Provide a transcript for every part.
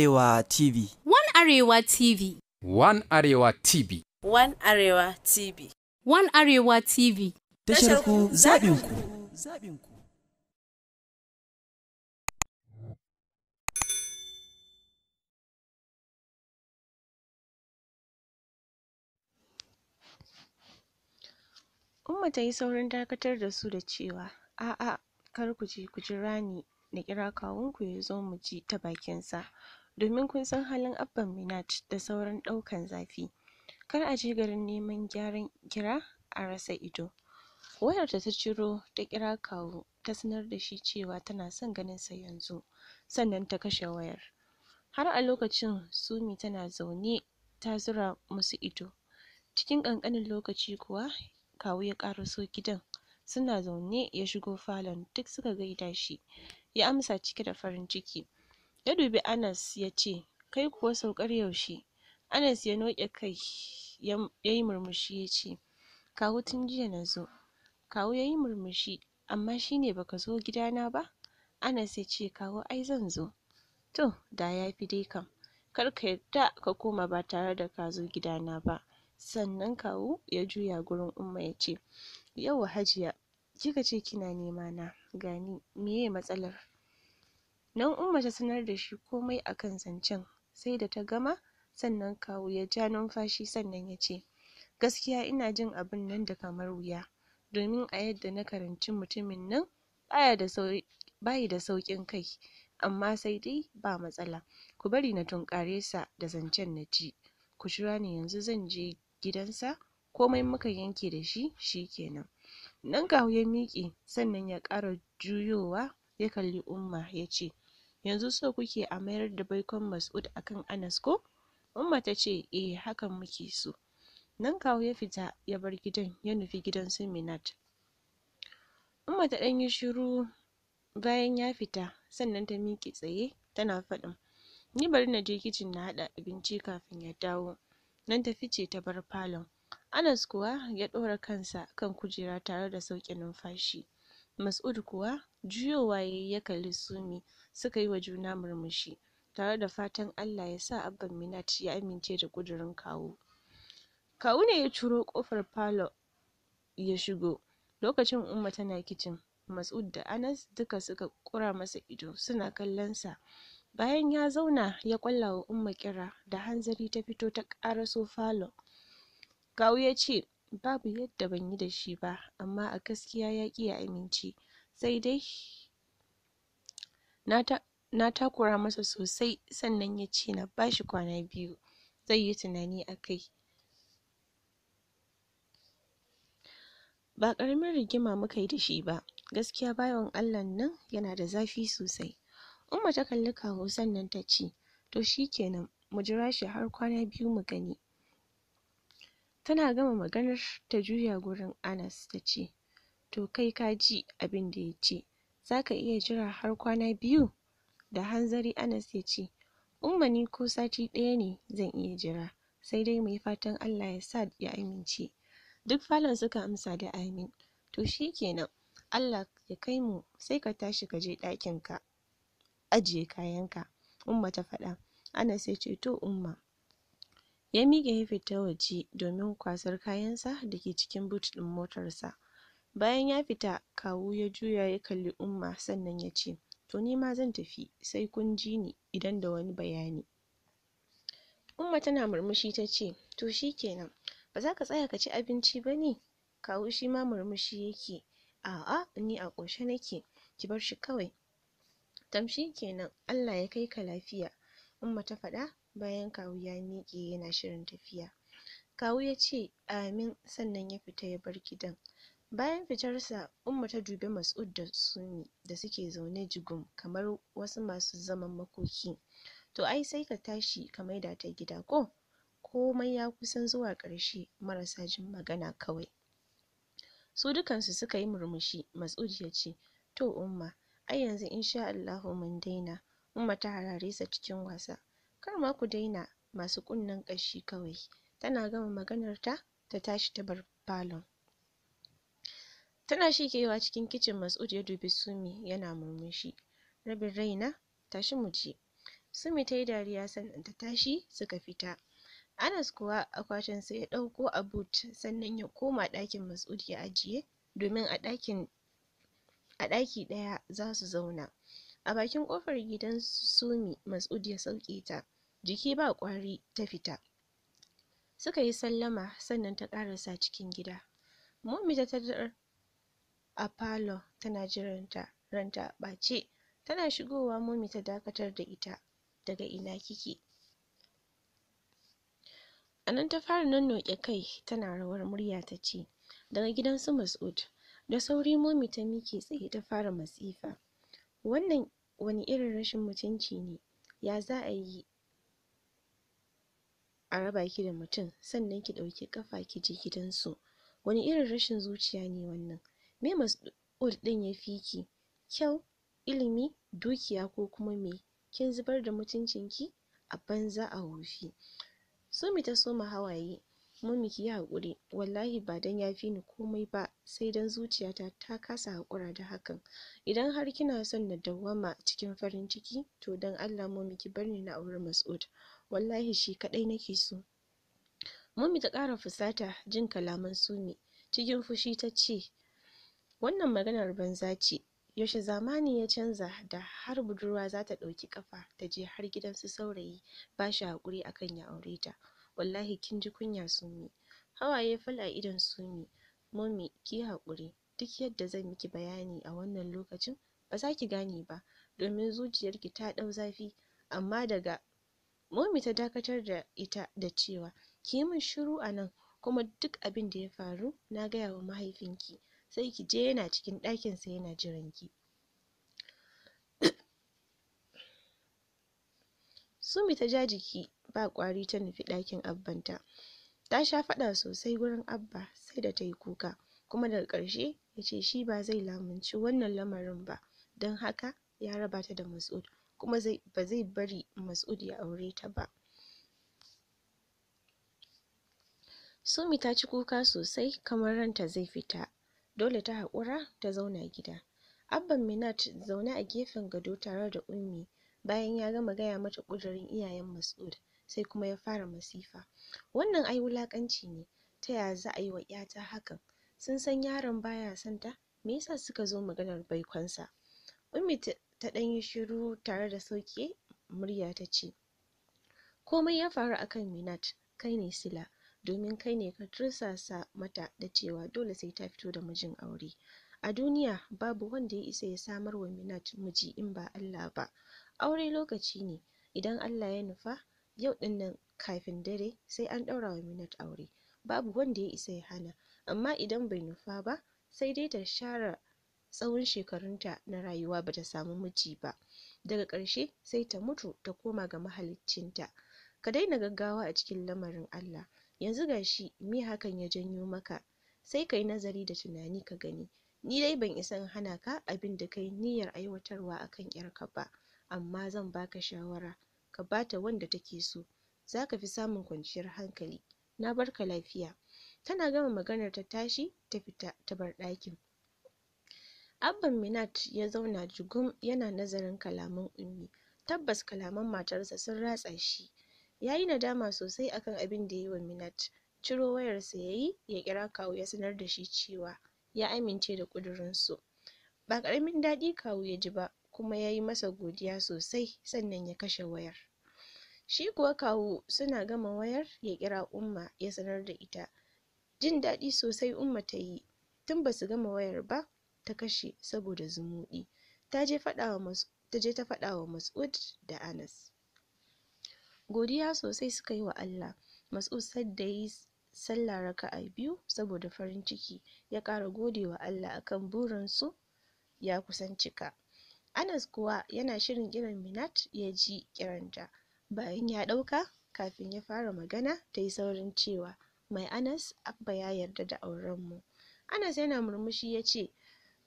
Arewa TV. One Arewa TV. One Arewa TV. One Arewa TV. One Arewa TV. Tashar ku zaɓin ku. Umma ta yi saurin dakatar da su da cewa, a'a, kar ku je ku jira ni na kira kawunku ya zo mu ji ta bakinsa. domin kun san halin Abban Minat da sauran ɗaukan zafi. Kar a je garin neman gyaran kira a rasa ido. Wayarta ta ciro ta kira kawu ta sanar da shi cewa tana son ganin sa yanzu, sannan ta kashe wayar. Har a lokacin Sumi tana zaune ta zura musu ido. Cikin ƙanƙanin lokaci kuwa kawu ya ƙaraso gidan. Suna zaune ya shigo falon duk suka gaida shi. Ya amsa cike da farin ciki. Ya dubi Anas ya ce, Kai kuwa saukar yaushe? Anas ya noke kai ya yi murmushi ya ce, Kawu tun jiya na zo. Kawu ya yi murmushi, Amma shi ne baka zo gidana ba? Anas ya ce, Kawu ai zan zo. To, da ya fi dai kam, kar ka yarda ka koma ba tare da ka zo gidana ba. Sannan kawu ya juya gurin Umma ya ce, Yauwa Hajiya, kika ce kina nema na, gani, meye matsalar? Nan Umma ta sanar da shi komai a kan zancen, sai da ta gama, sannan kawu ya ja numfashi sannan ya ce, Gaskiya ina jin abin nan da kamar wuya, domin a yadda na karanci mutumin nan bayi da sauƙin kai, amma sai dai ba matsala, ku bari na tunƙare sa da zancen na ji, ku jira ni yanzu zan je gidansa, komai muka yanke da shi, shi kenan. Nan kawu ya miƙe, sannan ya ƙara juyowa ya kalli Umma ya ce, yanzu so kuke a mayar da baikon Mas'ud akan Anas ko? Umma ta ce, "Eh, hakan muke so." Nan kawo ya fita ya bar gidan ya nufi gidan su Minat. Umma ta ɗan yi shiru bayan ya fita sannan ta miƙe tsaye tana faɗin, "Ni bari na je kicin na haɗa abinci kafin ya dawo." Nan ta fice ta bar falon. Anas kuwa ya ɗora kansa kan kujera tare da sauƙin numfashi. Mas'ud kuwa juyowa ya yi ya kalli Sumi suka yi wa juna murmushi tare da fatan Allah ya sa abban Minat ya amince da ƙudurin kawu. Kawu ne ya ciro ƙofar falo ya shigo lokacin Umma tana kicin. Mas'ud da Anas duka suka ƙura masa ido suna kallon sa. Bayan ya zauna ya ƙwalla wa Umma kira da hanzari ta fito ta ƙaraso falo Kawu ya ce babu yadda ban yi da shi ba amma a gaskiya ya ƙi ya amince sai dai Na takura masa sosai sannan ya ce na ba shi kwana biyu zai yi tunani a kai. Ba ƙaramin rigima muka yi da shi ba, gaskiya bawan Allah nan yana da zafi sosai. Umma ta kalli kawu sannan ta ce, to shi kenan, mu jira shi har kwana biyu mu gani. Tana gama maganar ta juya gurin Anas ta ce, to kai ka ji abin da ya ce, zaka iya jira har kwana biyu?" Da hanzari Anas ya ce, "Umma ni ko sati ɗaya ne zan iya jira, sai dai yi fatan Allah ya sa ya amince." Duk falon suka amsa da amin. "To shi shikenan, Allah ya kai mu sai ka tashi ka je ɗakin ka ajiye kayan ka," Umma ta faɗa. Anas ya ce, "To Umma." Ya miƙe ya fita waje domin kwasar kayansa da ke cikin but ɗin motarsa. Bayan ya fita, Kawu ya juya ya kalli Umma sannan ya ce: "To ni zan tafi, sai kun ji ni idan da wani bayani." Umma tana murmushi ta ce: "To shi kenan, ba za ka tsaya ka ci abinci ba ne?" Kawu shi ma murmushi yake: "A'a, ni a ƙoshe nake, ki bar shi kawai." tamshi kenan, Allah ya kai ka lafiya," Umma ta faɗa bayan Kawu ya miƙe yana shirin tafiya. Kawu ya ce: "Amin" sannan ya fita ya bar gidan. Bayan fitarsa, Umma ta dubi Mas'ud da Sumi da suke zaune jigum kamar wasu masu zaman makoki. To ai sai ka tashi ka maida ta gida ko? Komai ya kusan zuwa ƙarshe marasa jin magana kawai. Su dukansu suka yi murmushi, Mas'ud ya ce, To Umma, ai yanzu insha Allahu mun daina. Umma ta harare sa cikin wasa. Kar ma ku daina masu kunnen ƙashi kawai. Tana gama maganar ta, ta tashi ta bar falon. Tana shigewa cikin kicin Mas'ud ya dubi Sumi yana murmushi. Rabin raina, tashi mu je. Sumi ta yi dariya sannan ta tashi suka fita. Anas kuwa akwatinsa ya ɗauko a but sannan ya koma ɗakin Mas'ud ya ajiye domin a ɗakin a ɗaki ɗaya za su zauna. A bakin ƙofar gidan Sumi Mas'ud ya sauke ta. Jiki ba ƙwari ta fita. Suka yi sallama sannan ta ƙarasa cikin gida. Momi ta tarar a falon tana jiranta ranta a ɓace tana shigowa momi ta dakatar da ita daga ina kike a nan ta fara nonnoke kai tana rawar murya ta ce daga gidan su mas'ud da sauri momi ta miƙe tsaye ta fara masifa wannan wani irin rashin mutunci ne ya za a yi a raba ki da mutum sannan ki ɗauki ƙafa ki je gidansu wani irin rashin zuciya ne wannan me mas'ud ɗin ya fi ki kyau ilimi dukiya ko kuma me kin zubar da mutuncin ki a banza a so Sumi ta soma hawaye miki yi haƙuri wallahi ba dan ya fi ni komai ba sai dan zuciyata ta kasa haƙura da hakan idan har kina son na dawwama cikin farin ciki to dan Allah Mummy ki ni na auri Mas'ud wallahi shi kaɗai nake so Mummy ta ƙara fusata jin kalaman Sumi cikin fushi ta ce. Wannan maganar banza ce. Yaushe zamani ya canza da har budurwa za ta ɗauki ƙafa ta je har gidan su saurayi ba shi haƙuri a kan ya aure ta. Wallahi kin ji kunya Sumi. Hawaye fal a idon Sumi. Mummy ki yi haƙuri. Duk yadda zan miki bayani a wannan lokacin ba za ki gane ba domin zuciyarki ta ɗau zafi amma daga Mummy ta dakatar da ita da cewa ki yi min shiru a nan kuma duk abin da ya faru na gaya wa mahaifinki. sai ki je yana cikin ɗakin sa yana jiran ki Sumi ta ja jiki ba ƙwari ta nufi ɗakin abbanta ta sha faɗa sosai wurin abba sai da ta yi kuka kuma daga ƙarshe ya ce shi ba zai lamunci wannan lamarin ba don haka ya raba ta da Mas'ud kuma ba zai bari Mas'ud ya aure ta ba Sumi ta ci kuka sosai kamar ranta zai fita dole ta haƙura ta zauna gida abban Minat zaune a gefen gado tare da ummi bayan ya gama gaya mata ƙudurin iyayen Mas'ud sai kuma ya fara masifa wannan ai wulaƙanci ne ta ya za a yi wa ƴata hakan sun san yaron baya son ta me yasa suka zo maganar baikonsa ummi ta ɗan yi shiru tare da sauƙi, murya ta ce komai ya faru a kan Minat kai ne sila domin kai ne ka tursasa mata da cewa dole sai ta fito da mijin aure. A duniya babu wanda ya isa ya samar wa Minat miji in ba Allah ba. Aure lokaci ne, idan Allah ya nufa yau ɗin nan kafin dare sai an ɗaura wa Minat aure. Babu wanda ya isa ya hana, amma idan bai nufa ba sai dai ta share tsawon shekarunta na rayuwa ba ta samu miji ba. Daga ƙarshe sai ta mutu ta koma ga mahaliccinta. Ka daina gaggawa a cikin lamarin Allah. yanzu ga shi me hakan ya janyo maka sai kayi nazari da tunani ka gani ni dai ban isa hana ka abin da kayi niyyar aiwatarwa akan 'yarka ba amma zan baka shawara ka bata wanda take so zaka fi samun kwanciyar hankali na barka lafiya tana gama maganar ta tashi ta fita ta bar ɗakin Abban Minat ya zauna jugum yana nazarin kalaman Ummi tabbas kalaman matarsa sun ratsa shi Ya yi nadama sosai akan abin da ya yi wa Minat. Ciro wayarsa ya yi, ya kira kawu ya sanar da shi cewa ya amince da ƙudurinsu. Ba ƙaramin daɗi kawu ya ji ba, kuma ya yi masa godiya sosai sannan ya kashe wayar. Shi kuwa kawu suna gama wayar ya kira Umma ya sanar da ita. Jin daɗi sosai Umma ta yi, tun ba su gama wayar ba, ta kashe saboda zumuɗi. Ta je ta faɗa Mas'ud da Anas. godiya sosai suka yi wa Allah Mas'ud sadda yayi sallah raka'a biyu saboda farin ciki ya ƙara gode wa Allah akan burin su ya kusan cika Anas kuwa yana shirin kiran Minat ya ji kiranta bayan ya ɗauka kafin ya fara magana ta yi saurin cewa mai Anas Abba ya yarda da auren mu Anas yana murmushi ya ce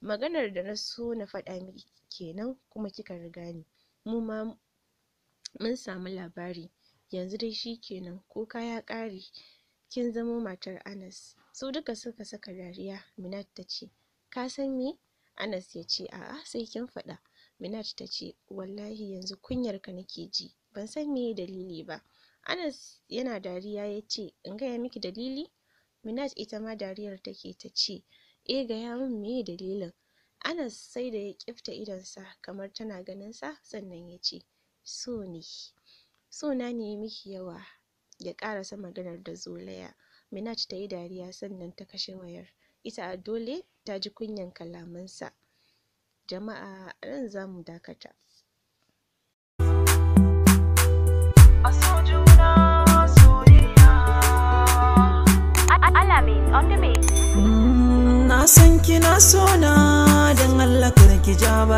maganar da na so na faɗa miki kenan kuma kika riga ni mu ma mun samu labari yanzu dai shi kenan. kuka ya ƙare kin zamo matar Anas su duka suka saka dariya Minat ta ce. ka san me Anas ya ce. a'a sai kin faɗa Minat ta ce. wallahi yanzu kunyar ka nake ji ban san me dalili ba Anas yana dariya ya ce. in gaya miki dalili Minat ita ma dariyar take ce. E, gaya min me dalilin Anas sai da ya ƙifta idonsa kamar tana ganin sa, sannan ya ce. so ne so na ne miki yawa ya karasa maganar da zolaya Minaj tayi dariya sannan ta kashe wayar ita a dole ta ji kunyan kalamansa jama'a ran za mu dakata mm, Na san kina na don Allah ki ja ba